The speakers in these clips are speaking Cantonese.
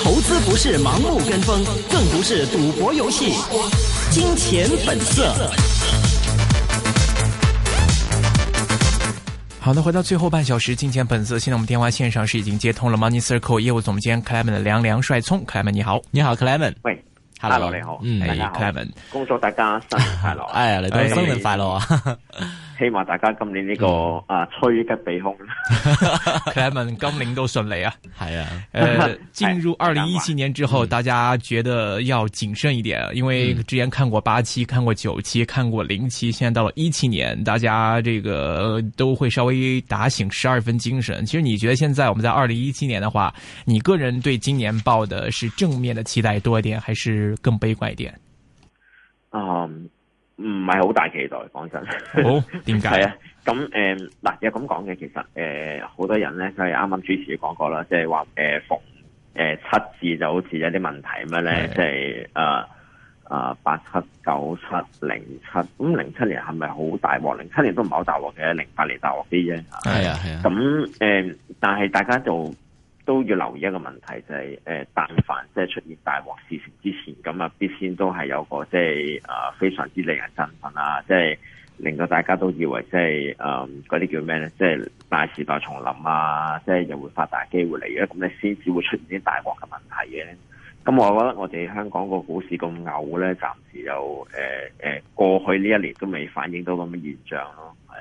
投資不是盲目跟風，更不是賭博遊戲。金錢本色。好的，回到最後半小時，金錢本色。現在我們電話線上是已經接通了 Money Circle 業務總監 Clement 的梁梁帥聰，Clement 你好，你好 Clement，喂，Hello，你好，嗯 Clement 恭祝大家生日快樂，哎，你都生日快樂啊。希望大家今年呢、這個、嗯、啊趨吉避凶，Clement 今 年都順利啊，係 啊、 呃，呃進入二零一七年之後、 嗯，大家覺得要謹慎一點，因為之前看過八期，看過九期，看過零期，現在到了一七年，大家這個、呃、都會稍微打醒十二分精神。其實你覺得現在我們在二零一七年的話，你個人對今年抱的是正面的期待多一點，還是更悲觀一點？啊、嗯。唔係好大期待，講真。好，點解？係 啊，咁誒嗱，有咁講嘅其實誒，好、呃、多人咧，就係啱啱主持講過啦，即係話誒逢、呃、七字就好似有啲問題咩咧，即係啊啊八七九七零七，咁、嗯、零七年係咪好大鑊？零七年都唔係好大鑊嘅，零八年大鑊啲啫。係啊係啊，咁、呃、但係大家就。都要留意一個問題，就係、是、誒，但凡即係出現大鑊事情之前，咁啊，必先都係有個即係啊，非常之令人振奮啊，即係令到大家都以為即係啊，嗰啲叫咩咧？即係大時代重臨啊，即係又會發大機會嚟嘅，咁咧先至會出現啲大鑊嘅問題嘅。咁我覺得我哋香港個股市咁牛咧，暫時又誒誒，過去呢一年都未反映到咁嘅現象咯，係、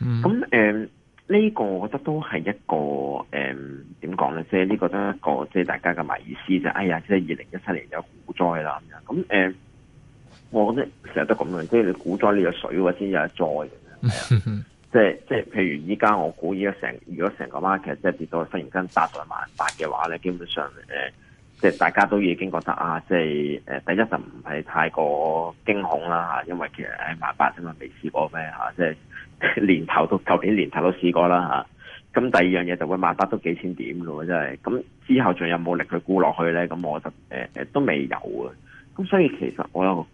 嗯、啊，咁誒。嗯呢、這個我覺得都係一個誒點講咧，即、呃、係呢、這個都係一個即係大家嘅迷思啫。哎呀，即係二零一七年有股災啦咁樣。咁誒、呃，我覺得成日都咁樣，即係你股災呢，有水或先有災，係啊， 即係即係譬如依家我估依家成如果成個 market 即係跌到忽然間達到萬八嘅話咧，基本上誒。呃即係大家都已經覺得啊，即係誒第一就唔係太過驚恐啦嚇，因為其實喺萬八都未試過咩嚇，即、啊、係、就是、年頭都，舊年年頭都試過啦嚇。咁、啊、第二樣嘢就會萬八都幾千點嘅喎，真係咁之後仲有冇力去沽落去咧？咁我就誒、呃、都未有啊。咁所以其實我又～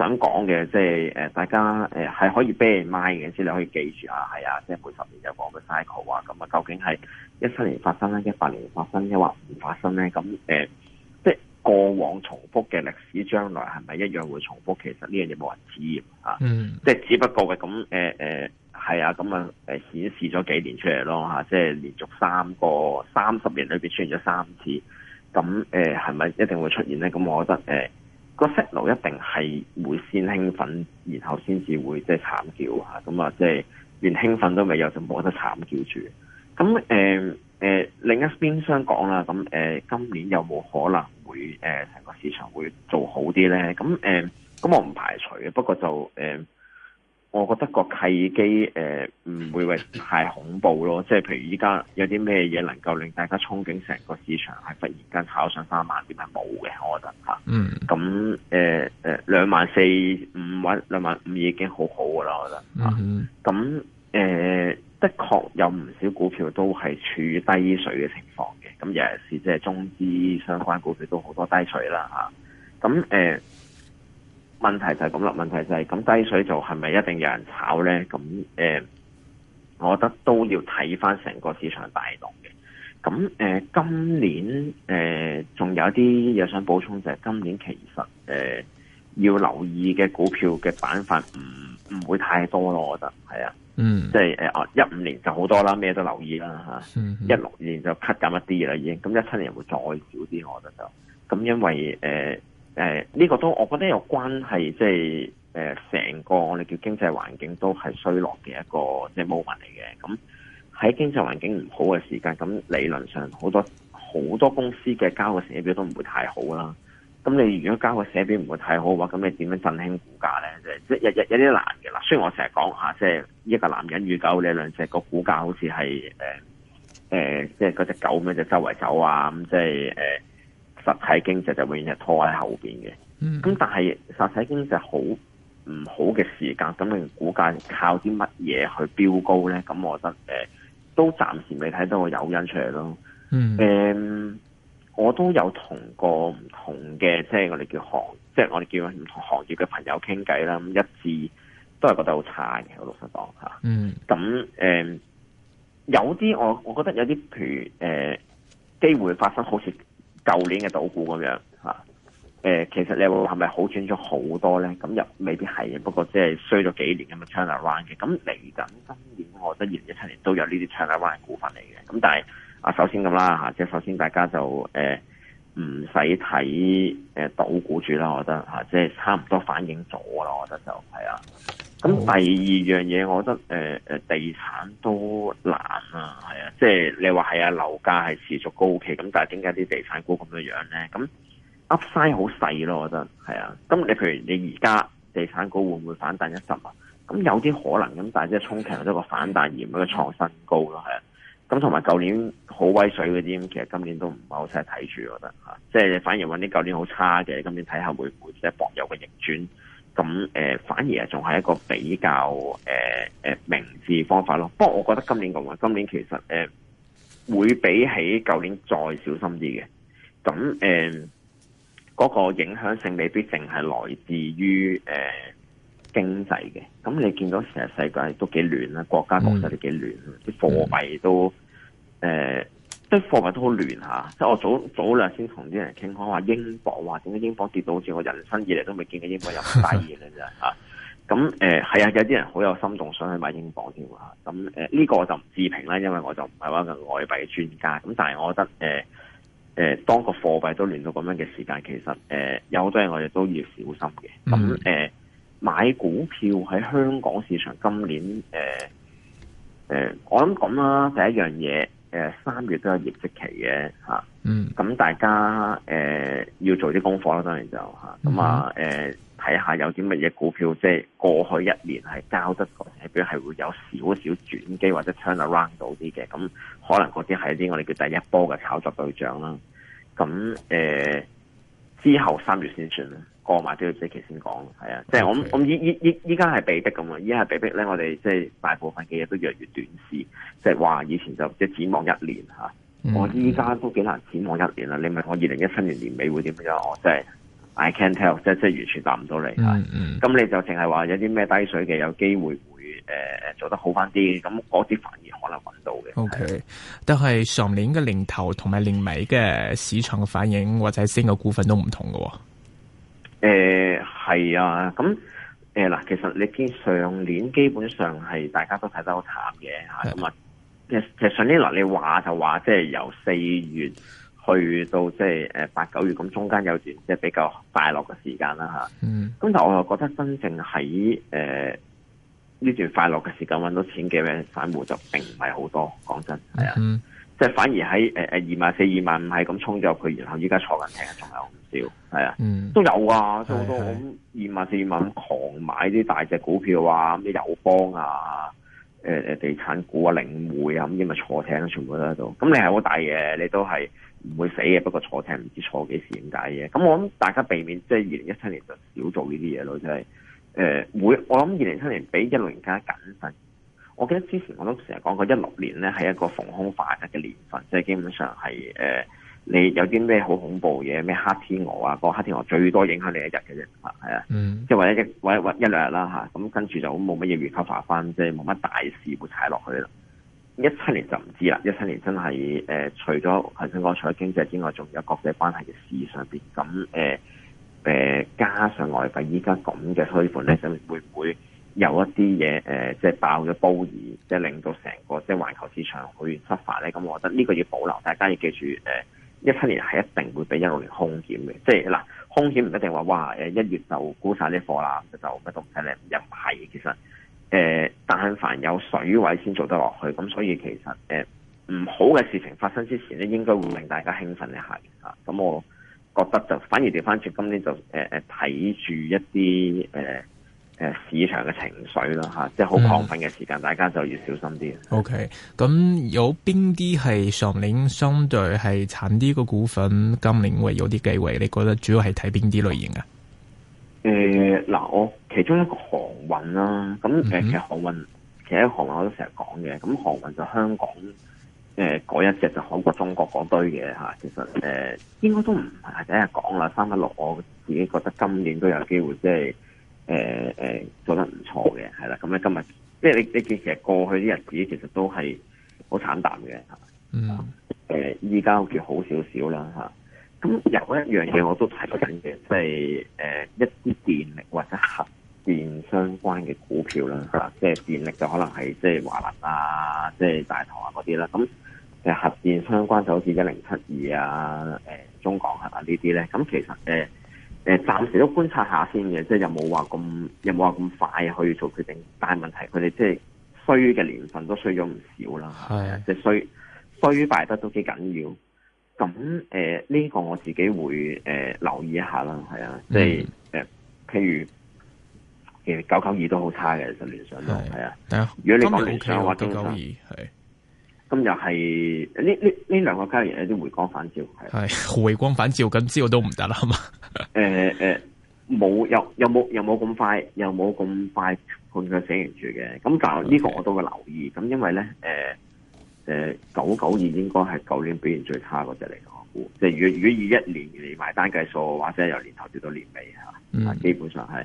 想講嘅即係誒，大家誒係可以俾你 mind 嘅，先你可以記住啊，係啊，即係每十年有講個 cycle 啊，咁啊，究竟係一七年發生咧，一八年發生，一或唔發生咧？咁誒、呃，即係過往重複嘅歷史，將來係咪一樣會重複？其實呢樣嘢冇人知啊，嗯，即係只不過嘅咁誒誒係啊，咁啊誒顯示咗幾年出嚟咯嚇，即係連續三個三十年裏邊出現咗三次，咁誒係咪一定會出現咧？咁我覺得誒。呃個 set 流一定係會先興奮，然後先至會即係、就是、慘叫啊！咁啊，即係連興奮都未有，就冇得慘叫住。咁誒誒，另一邊想講啦，咁誒、呃、今年有冇可能會誒成、呃、個市場會做好啲咧？咁誒，咁、呃、我唔排除嘅，不過就誒。呃我覺得個契機誒唔、呃、會為太恐怖咯，即係譬如依家有啲咩嘢能夠令大家憧憬成個市場係忽然間炒上三萬點係冇嘅，我覺得嚇嗯。咁誒誒兩萬四五揾兩萬五已經好好嘅啦，我覺得嚇咁誒、啊嗯嗯嗯，的確有唔少股票都係處於低水嘅情況嘅，咁尤其是即係中資相關股票都好多低水啦嚇咁誒。啊嗯嗯嗯問題就係咁啦，問題就係、是、咁低水做，就係咪一定有人炒咧？咁誒、呃，我覺得都要睇翻成個市場大動嘅。咁誒、呃，今年誒仲、呃、有啲嘢想補充就係、是、今年其實誒、呃、要留意嘅股票嘅板塊唔唔會太多咯，我覺得係啊，嗯，即係誒啊一五年就好多啦，咩都留意啦吓，一、嗯、六、嗯、年就 cut 緊一啲啦，已經咁一七年會再少啲，我覺得就咁，因為誒。呃誒，呢個都我覺得有關係，即係誒，成個我哋叫經濟環境都係衰落嘅一個即係 moment 嚟嘅。咁喺經濟環境唔好嘅時間，咁理論上好多好多公司嘅交嘅寫表都唔會太好啦。咁你如果交嘅寫表唔會太好嘅話，咁你點樣振興股價咧？即係即係有有有啲難嘅啦。雖然我成日講吓，即係一個男人與狗，你兩隻個股價好似係誒誒，即係嗰隻狗咁樣就周圍走啊，咁即係誒。呃實體經濟就永遠係拖喺後邊嘅，咁但係實體經濟好唔好嘅時間，咁你股價靠啲乜嘢去飆高咧？咁我覺得誒、呃，都暫時未睇到個誘因出嚟咯。誒、呃，我都有同過唔同嘅，即、就、係、是、我哋叫行，即、就、係、是、我哋叫唔同行業嘅朋友傾偈啦。咁一致都係覺得好差嘅，我老實講吓。嗯、咁、呃、誒，有啲我我覺得有啲譬如誒，機、呃、會發生好似。舊年嘅賭股咁樣嚇，誒、呃、其實你會係咪好轉咗好多咧？咁又未必係，不過即係衰咗幾年咁嘅 channel run 嘅。咁嚟緊今年，我覺得二零一七年都有呢啲 channel run 嘅股份嚟嘅。咁但係啊，首先咁啦嚇，即係首先大家就誒唔使睇誒賭股住啦，我覺得嚇、啊，即係差唔多反映咗啦，我覺得就係啊。咁第二樣嘢，我覺得誒、呃、地產都難啊，係啊，即、就、係、是、你話係啊，樓價係持續高企，咁但係點解啲地產股咁樣樣咧？咁 Upside 好細咯，我覺得係啊。咁你譬如你而家地產股會唔會反彈一十啊？咁有啲可能，咁但係即係沖強都係一個反彈而唔係一個創新高咯，係啊。咁同埋舊年好威水嗰啲，其實今年都唔係好識睇住，我覺得即係、啊就是、反而搵啲舊年好差嘅，今年睇下會唔會即係博有嘅逆轉。咁誒、呃、反而係仲係一個比較誒誒、呃呃、明智方法咯。不過我覺得今年講話，今年其實誒、呃、會比起舊年再小心啲嘅。咁誒嗰個影響性未必淨係來自於誒、呃、經濟嘅。咁你見到成日世界都幾亂啦，國家局勢都幾亂，啲貨幣都誒。呃即係貨幣都好亂吓，即係我早早兩先同啲人傾開話英鎊，話點解英鎊跌到好似我人生以嚟都未見過英鎊咁低嘅啫。咁係啊，有啲人好有心動想去買英鎊添啊。咁、嗯、呢、嗯呢個我就唔置評啦，因為我就唔係話個外幣專家。咁、嗯、但係我覺得誒、呃呃、當個貨幣都亂到咁樣嘅時間，其實誒、呃、有好多嘢我哋都要小心嘅。咁、嗯、誒、呃、買股票喺香港市場今年誒、呃呃、我諗講啦第一樣嘢。誒、呃，三月都有業績期嘅吓，嗯，咁、啊、大家誒、呃、要做啲功課啦，當然就吓，咁啊，誒、呃、睇下有啲乜嘢股票，即係過去一年係交得過，係比如係會有少少轉機或者 turn around 到啲嘅，咁、嗯、可能嗰啲係啲我哋叫第一波嘅炒作對象啦，咁、啊、誒、呃、之後三月先算啦。過埋都要四期先講，係、就、啊、是，即係我我依依依依家係被迫咁啊。依家係被迫咧，我哋即係大部分嘅嘢都越嚟越短視，即係話以前就即展望一年嚇，我依家都幾難展望一年啦。你問我二零一七年年尾會點樣？我真係、就是、I can't tell，即即係完全答唔到你啊。咁、嗯嗯、你就淨係話有啲咩低水嘅有機會會誒誒、呃、做得好翻啲，咁嗰啲反而可能揾到嘅。O、嗯、K.，但係上年嘅年頭同埋年尾嘅市場嘅反應或者升嘅股份都唔同嘅喎。誒、嗯、係啊，咁誒嗱，其實你見上年基本上係大家都睇得好淡嘅吓，咁啊、嗯，即係即係上年嗱，你話就話，即係由四月去到即係誒八九月，咁中間有段即係比較快樂嘅時間啦吓。嗯。咁但係我又覺得真正喺誒呢段快樂嘅時間揾到錢嘅散戶就並唔係好多，講真係啊。是的是的嗯。即係反而喺誒誒二萬四、二萬五係咁衝咗入去，然後依家坐緊艇，仲有。係 啊，都有啊，做好多咁二萬四萬咁狂買啲大隻股票啊，咁啲友邦啊，誒、呃、誒地產股啊，領匯啊，咁啲咪坐艇全都，全部都喺度。咁你係好大嘅，你都係唔會死嘅，不過坐艇唔知道坐幾時點解嘅。咁我諗大家避免即係二零一七年就少做呢啲嘢咯，就係誒會。我諗二零一七年比一六年更加謹慎。我記得之前我都成日講過，一六年咧係一個逢凶化吉嘅年份，即、就、係、是、基本上係誒。呃你有啲咩好恐怖嘢？咩黑天鵝啊？個黑天鵝最多影響你一日嘅啫，嚇係、嗯、啊，即係或者一或者一兩日啦吓，咁跟住就冇乜嘢回覆翻，即係冇乜大事會踩落去啦。一七年就唔知啦，一七年真係誒、呃，除咗恒生嗰個經濟之外，仲有國際關係嘅事上邊。咁誒誒，加上外幣依家咁嘅推盤咧，就會唔會有一啲嘢誒，即係爆咗波兒，即係令到成個即係環球市場去失敗咧？咁我覺得呢個要保留，大家要記住誒。呃一七年係一定會比一六年空險嘅，即係嗱，空險唔一定話哇誒一月就沽晒啲貨啦，就乜都睇咧，又唔係。其實誒、呃，但凡有水位先做得落去，咁所以其實誒唔、呃、好嘅事情發生之前咧，應該會令大家興奮一下嘅咁、啊、我覺得就反而調返轉，今年就誒誒睇住一啲誒。呃誒，市場嘅情緒咯吓，即係好亢奮嘅時間、嗯，大家就要小心啲。OK，咁有邊啲係上年相對係慘啲嘅股份，今年會有啲機會？你覺得主要係睇邊啲類型啊？誒、呃，嗱、呃，我其中一個航運啦，咁誒、嗯，其實航運，其實航運我都成日講嘅，咁航運就香港誒，嗰、呃、一隻就好過中國嗰堆嘅吓。其實誒、呃，應該都唔係第一日講啦，三一六，我自己覺得今年都有機會，即係。誒、呃、誒，做得唔錯嘅，係啦，咁咧今日，即係你你見其實過去啲日子其實都係好慘淡嘅，係嗯。誒、呃，依家叫好少少啦吓，咁、呃、有一樣嘢我都提過嘅，即係誒一啲電力或者核電相關嘅股票啦、呃，即係電力就可能係即係華能啊，即係大唐啊嗰啲啦，咁、呃、誒核電相關就好似一零七二啊，誒、呃、中廣核啊呢啲咧，咁、呃、其實誒。呃誒、呃，暫時都觀察一下先嘅，即係又冇話咁，又冇話咁快可以做決定。但係問題，佢哋即係衰嘅年份都衰咗唔少啦，係啊，即係衰衰敗得都幾緊要。咁誒，呢、呃這個我自己會誒、呃、留意一下啦，係啊，即係誒、嗯呃，譬如九九二都好差嘅，其實聯想都係啊。如果你講聯想話，九九二係。今日係呢呢呢兩個交易日有啲回光返照，係回光返照，咁之後都唔得啦，係、呃、嘛？誒、呃、誒，冇又又冇又冇咁快，又冇咁快判佢死刑住嘅。咁就呢、這個我都會留意。咁因為咧，誒、呃、誒，九九二應該係舊年表現最差嗰隻嚟講，我估，即如如果以一年嚟埋單計數嘅話，即係由年頭跌到年尾、嗯、基本上係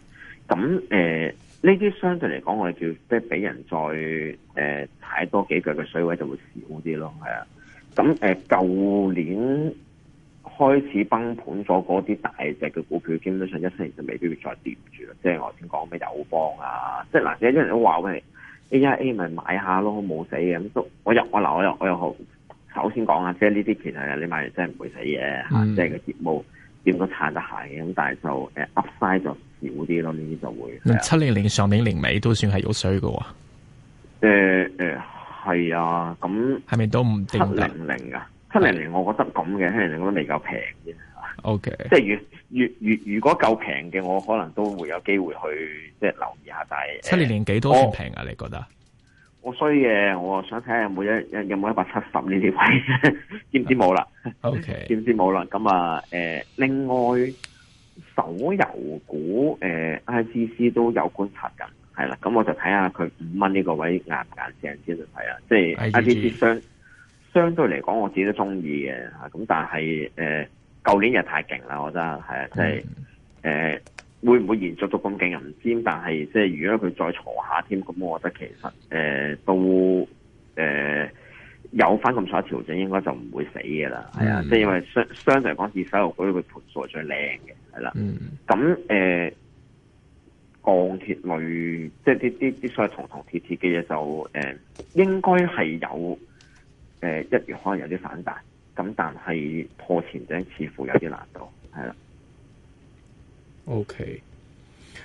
咁誒。呢啲相對嚟講，我哋叫即係俾人再誒、呃、踩多幾腳嘅水位就會少啲咯，係啊。咁誒舊年開始崩盤咗嗰啲大隻嘅股票，基本上一四年就未必要再跌住啦。即係我先講咩友邦啊，即係嗱，即係啲人都話喂 AIA 咪買下咯，冇死嘅咁都我又我嗱我又我又好。首先講啊，即係呢啲其實你買完真係唔會死嘅、嗯，即係個業務點都撐得行嘅咁，但係就誒、呃、Upside 就。啲咯，呢啲就會、嗯。七零零上面零尾都算係有水嘅喎。誒、呃、誒，係、呃、啊，咁係咪都唔定零零啊？七零零，七零零我覺得咁嘅，七零零我都未夠平嘅。O K，即係如如如如果夠平嘅，我可能都會有機會去即係、就是、留意下。但係七零零幾多算平啊、哦？你覺得？我衰嘅，我想睇下有冇一有冇一百七十呢啲位，點 知冇啦？O K，點知冇啦？咁、okay。啊，誒、呃，另外。手遊股，誒、呃、I C C 都有觀察㗎，係啦，咁我就睇下佢五蚊呢個位硬唔硬正先就睇啊，即係 I C C 相相對嚟講，我自己都中意嘅嚇，咁但係誒，舊、呃、年又太勁啦，我覺得係啊，即係誒，會唔會延續到咁勁又唔知，但係即係如果佢再挫下添，咁我覺得其實誒、呃，到誒。呃有翻咁少調整，應該就唔會死嘅啦，係、哎、啊，即係因為相相對嚟講，二手樓嘅盤數係最靚嘅，係啦。咁、嗯、誒、呃，鋼鐵類，即係啲啲啲所謂銅同，同鐵鐵嘅嘢，就、呃、應該係有、呃、一月可能有啲反彈，咁但係破前頂似乎有啲難度，係啦。O K。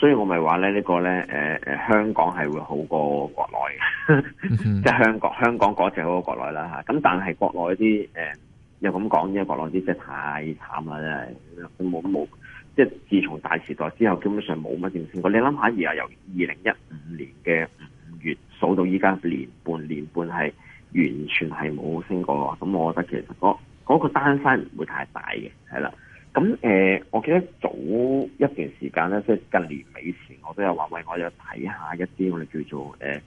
所以我咪話咧，呢個咧，呃、呃、香港係會好過國內嘅， 即係香港香港嗰隻好過國內啦吓。咁但係國內啲、呃、又咁講嘅，國內啲真係太慘啦，真係冇冇，即係自從大時代之後，基本上冇乜點升過。你諗下，而家由二零一五年嘅五月數到依家年半年半係完全係冇升過嘅。咁我覺得其實嗰、嗰個嗰個單身唔會太大嘅，係啦。咁誒、呃，我記得早一段時間咧，即、就、係、是、近年尾前，我都有話為我有睇下一啲我哋叫做誒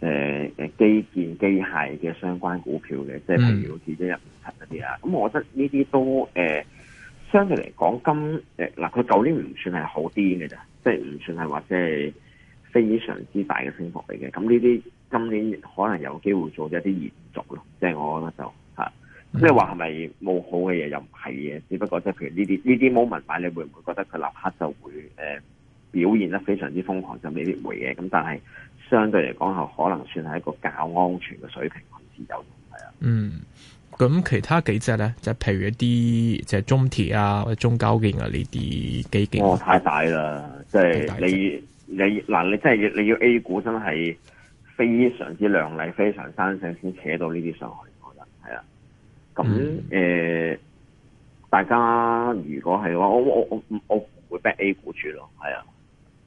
誒誒基建機械嘅相關股票嘅，即係譬如好似一五七嗰啲啊。咁、嗯、我覺得呢啲都誒、呃，相對嚟講今誒嗱，佢、呃、舊年唔算係好癲嘅啫，即係唔算係話即係非常之大嘅升幅嚟嘅。咁呢啲今年可能有機會做一啲延續咯。即、就、係、是、我覺得就。即係話，係咪冇好嘅嘢？又唔係嘅，只不過即係譬如呢啲呢啲 moment 買你，你會唔會覺得佢立刻就會誒、呃、表現得非常之瘋狂？就未必會嘅。咁但係相對嚟講，係可能算係一個較安全嘅水平位自有。係啊。嗯。咁其他幾隻咧，就係譬如一啲即係中鐵啊，或者中交建啊呢啲基建、啊哦。太大，太大、就是、太大啦！即係你你嗱，你真係你要 A 股真係非常之靚麗，非常生性先扯到呢啲上去。我覺得係咁誒、mm. 呃，大家如果係嘅話，我我我唔我會 back A 股住咯，係啊，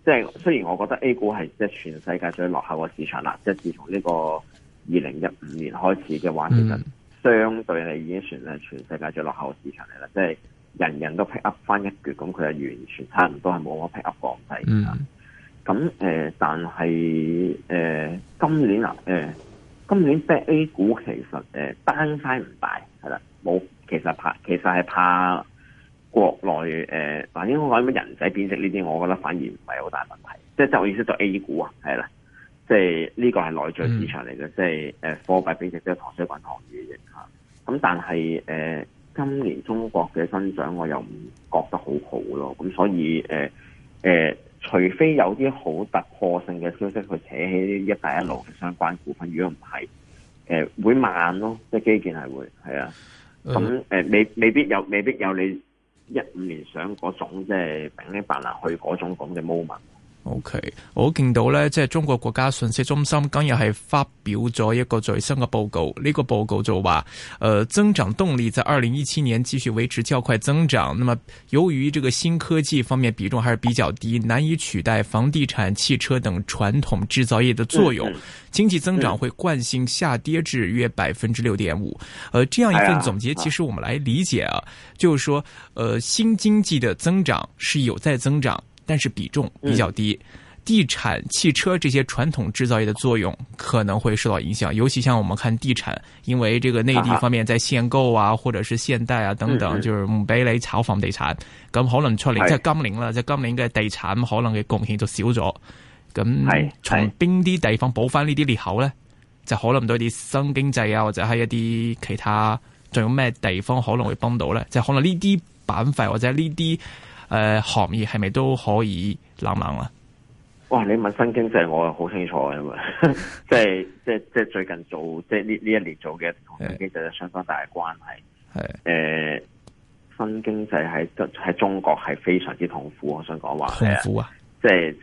即、就、係、是、雖然我覺得 A 股係即係全世界最落後嘅市場啦，即係自從呢個二零一五年開始嘅話，其實相對嚟已經算係全世界最落後嘅市場嚟啦。Mm. 即係人人都 pick up 翻一橛，咁佢係完全差唔多係冇乜 pick up 放勢。咁、mm. 誒、呃，但係誒、呃、今年啊，誒、呃、今年 back A 股其實誒、呃、單差唔大。好，其實怕其實係怕國內誒，反正我講乜人仔貶值呢啲，我覺得反而唔係好大問題。即係即係我意思，到、就是、A 股啊，係啦，即係呢個係內在市場嚟嘅，即係誒貨幣貶值即係糖水銀行嘅嘢吓。咁但係誒、呃、今年中國嘅增長，我又唔覺得好好咯。咁所以誒誒、呃，除非有啲好突破性嘅消息去扯起呢一帶一路嘅相關股份，如果唔係誒，會慢咯，即係基建係會係啊。.咁誒，未未必有，未必有你一五年想嗰種，即係平靚白辣去嗰種咁嘅 moment。OK，我看到呢，在中國國家信息中心今日係發表咗一個最新的報告。呢、這個報告就話，呃，增長動力在二零一七年繼續維持較快增長。那麼由於這個新科技方面比重還是比較低，難以取代房地產、汽車等傳統製造業的作用，嗯、經濟增長會慣性下跌至約百分之六點五。呃，這樣一份總結，哎、其實我們來理解啊，啊，就是說，呃，新經濟的增長是有在增長。但是比重比較低，嗯、地產、汽車這些傳統製造業的作用可能會受到影響，尤其像我們看地產，因為這個內地方面在限購啊，啊，或者是限貸啊等等，啊、就是唔俾你炒房地產，咁、嗯嗯嗯、可能出嚟即係今年啦，即係今年嘅地產可能嘅貢獻就少咗，咁從邊啲地方補翻呢啲裂口呢？就、嗯、可能多啲新經濟啊，或者係一啲其他，仲有咩地方可能會幫到呢？就可能呢啲板塊或者呢啲。我在誒、呃，行業係咪都可以冷冷啊？哇！你問新經濟，我好清楚因為呵呵即係即係即係最近做即係呢呢一年做嘅同新經濟有相當大嘅關係。係誒、呃，新經濟喺喺中國係非常之痛苦，我想講話痛苦啊！是即係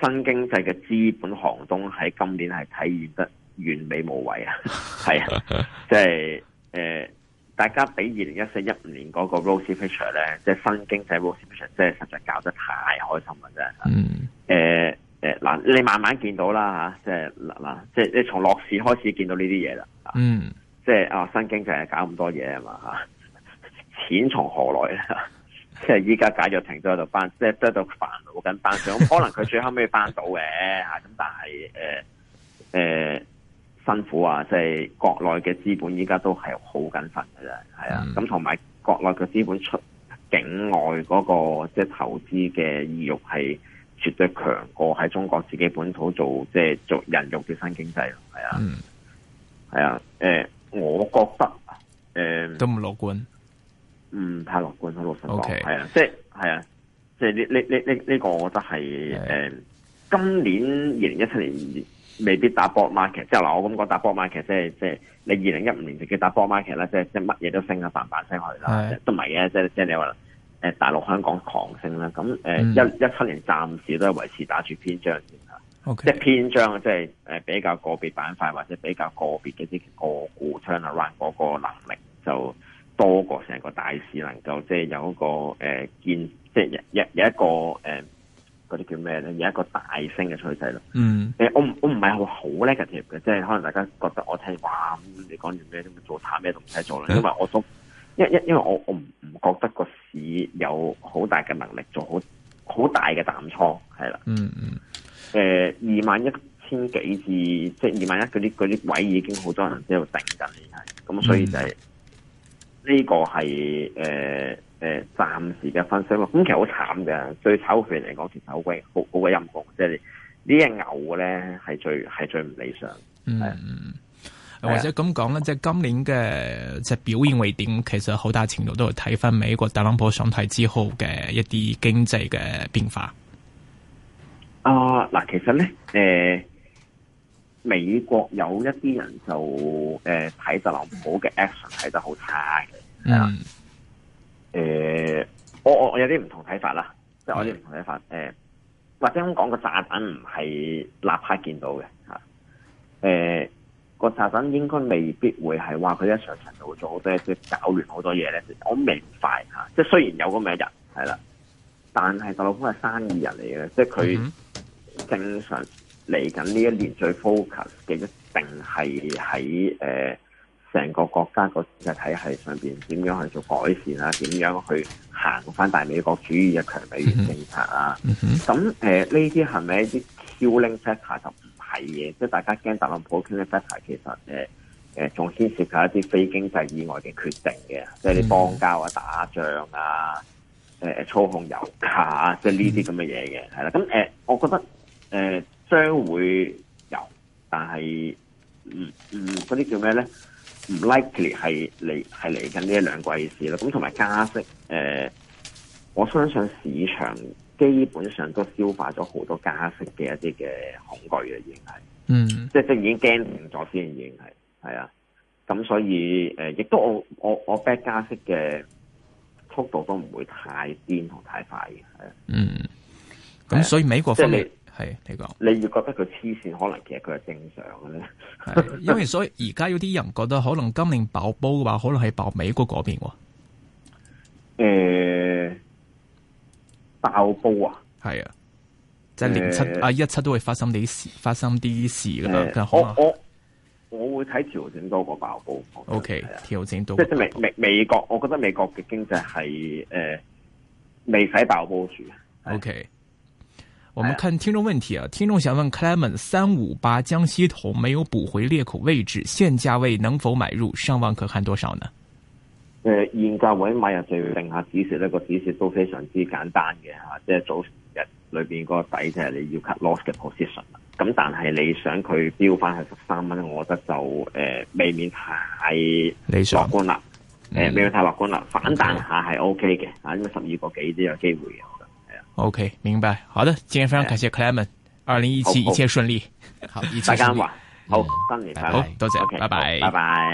即係新經濟嘅資本寒冬喺今年係體現得完美無遺啊！係 啊，即係誒。呃大家畀二零一四一五年嗰個 rosy picture 咧，即係新經濟 rosy picture，即係實在搞得太開心嘅啫。嗯。誒、呃、誒，嗱、呃，你慢慢見到啦吓，即係嗱，即係你從樂視開始見到呢啲嘢啦。嗯。即係啊，新經濟係搞咁多嘢啊嘛吓，錢從何來咧？即係依家賈躍亭咗就翻，即係得到煩惱緊，班上。可能佢最後尾班到嘅吓，咁 但係誒誒。呃辛苦啊！即、就、係、是、國內嘅資本依家都係好謹慎㗎喇。係啊。咁同埋國內嘅資本出境外嗰、那個即係、就是、投資嘅意欲係絕對強過喺中國自己本土做即係、就是、做人肉嘅新經濟，係呀、啊，係、嗯、呀、啊呃，我覺得誒、呃、都唔樂觀，唔太樂觀好老實講係呀，即係係啊，即係呢呢呢個，我覺得係今年二零一七年。未必打波 market，即係嗱我咁講打波 market，即係即係你二零一五年直接打波 market 啦，即係即係乜嘢都升啊，泛泛升去啦，的都唔係嘅。即係即係你話誒大陸香港狂升啦，咁誒、嗯、一一七年暫時都係維持打住篇章先，okay. 即係篇章即係誒比較個別板塊或者比較個別嘅啲個股 turn around 嗰個能力就多過成個大市能夠即係有一個誒、呃、見即係有有一個誒。呃嗰啲叫咩咧？有一個大升嘅趨勢咯。嗯。誒，我唔我唔係好 negative 嘅，即係可能大家覺得我聽話咁，你講完咩都做淡咩都唔使做啦。因為我都因因因為我我唔唔覺得個市有好大嘅能力做好好大嘅淡倉係啦。嗯嗯。誒、呃，二萬一千幾至即係二萬一嗰啲啲位已經好多人喺度頂緊係，咁、嗯嗯、所以就係、係、呢、這個係誒。呃誒，暫時嘅分析，咁其實好慘嘅，對炒匯嚟講其實好鬼好鬼陰公，即係、就是、呢隻牛嘅咧係最係最唔理想。嗯，或者咁講咧，即係今年嘅即係表現為點，其實好大程度都係睇翻美國特朗普上台之後嘅一啲經濟嘅變化。啊，嗱，其實咧，誒、呃，美國有一啲人就誒睇、呃、特朗普嘅 action 睇得好差，嗯。嗯誒、呃，我我我有啲唔同睇法啦，即係我啲唔同睇法。誒、呃，或者咁講，個炸彈唔係立刻見到嘅吓，誒、呃，個炸彈應該未必會係話佢一上場就做好多嘢，即搞完好多嘢咧。我明快吓，即係雖然有個名人係啦，但係特朗普係生意人嚟嘅，即係佢正常嚟緊呢一年最 focus 嘅一定係喺誒。呃成個國家個經濟體系上邊點樣去做改善啊？點樣去行翻大美國主義嘅強美元政策啊？咁誒，呢啲係咪一啲超 link factor 就唔係嘅？即、就、係、是、大家驚特朗普超 link factor，其實誒誒仲先涉及一啲非經濟以外嘅決定嘅， 即係你邦交啊、打仗啊、誒、呃、操控油價啊，即係呢啲咁嘅嘢嘅，係 啦樂。咁、就、誒、是呃，我覺得誒、呃、將會有，但係嗯嗯嗰啲叫咩咧？唔 likely 係嚟係嚟緊呢一兩季事咯，咁同埋加息，誒、呃，我相信市場基本上都消化咗好多加息嘅一啲嘅恐懼嘅，已經係，嗯，即係即係已經驚定咗先，已經係，係啊，咁所以誒亦、呃、都我我我 expect 加息嘅速度都唔會太癲同太快嘅，係啊，嗯，咁所以美國方面、啊。就是係你講，你要覺得佢黐線，可能其實佢係正常嘅咧。因 為所以而家有啲人覺得，可能今年爆煲嘅話，可能係爆美國嗰邊。誒、呃，爆煲啊？係啊，即係零七啊一七都會發生啲事，發生啲事噶啦、呃。我我我會睇調整、okay, 啊、整多過爆煲。O K，調整到。即係美美美國，我覺得美國嘅經濟係誒未使爆煲住。O K、啊。Okay. 我們看聽眾問題啊，聽眾想問 Clement 三五八江西銅沒有補回裂口位置，現價位能否買入？上望可看多少呢？誒、呃，現價位買入就要定下指示呢、那個指示都非常之簡單嘅吓，即、啊、係、就是、早日裏邊個底就係你要 cut loss 嘅 position、啊。咁但係你想佢飆返去十三蚊，我覺得就誒未免太樂觀啦。誒、呃，未免太樂觀啦，反彈下係 OK 嘅、啊，吓、OK 啊，因為十二個幾都有機會。OK，明白。好的，今天非常感謝 Clement。二零一七一切順利，好， 好一切順利。好，再 見，拜拜，拜、oh, 拜、okay。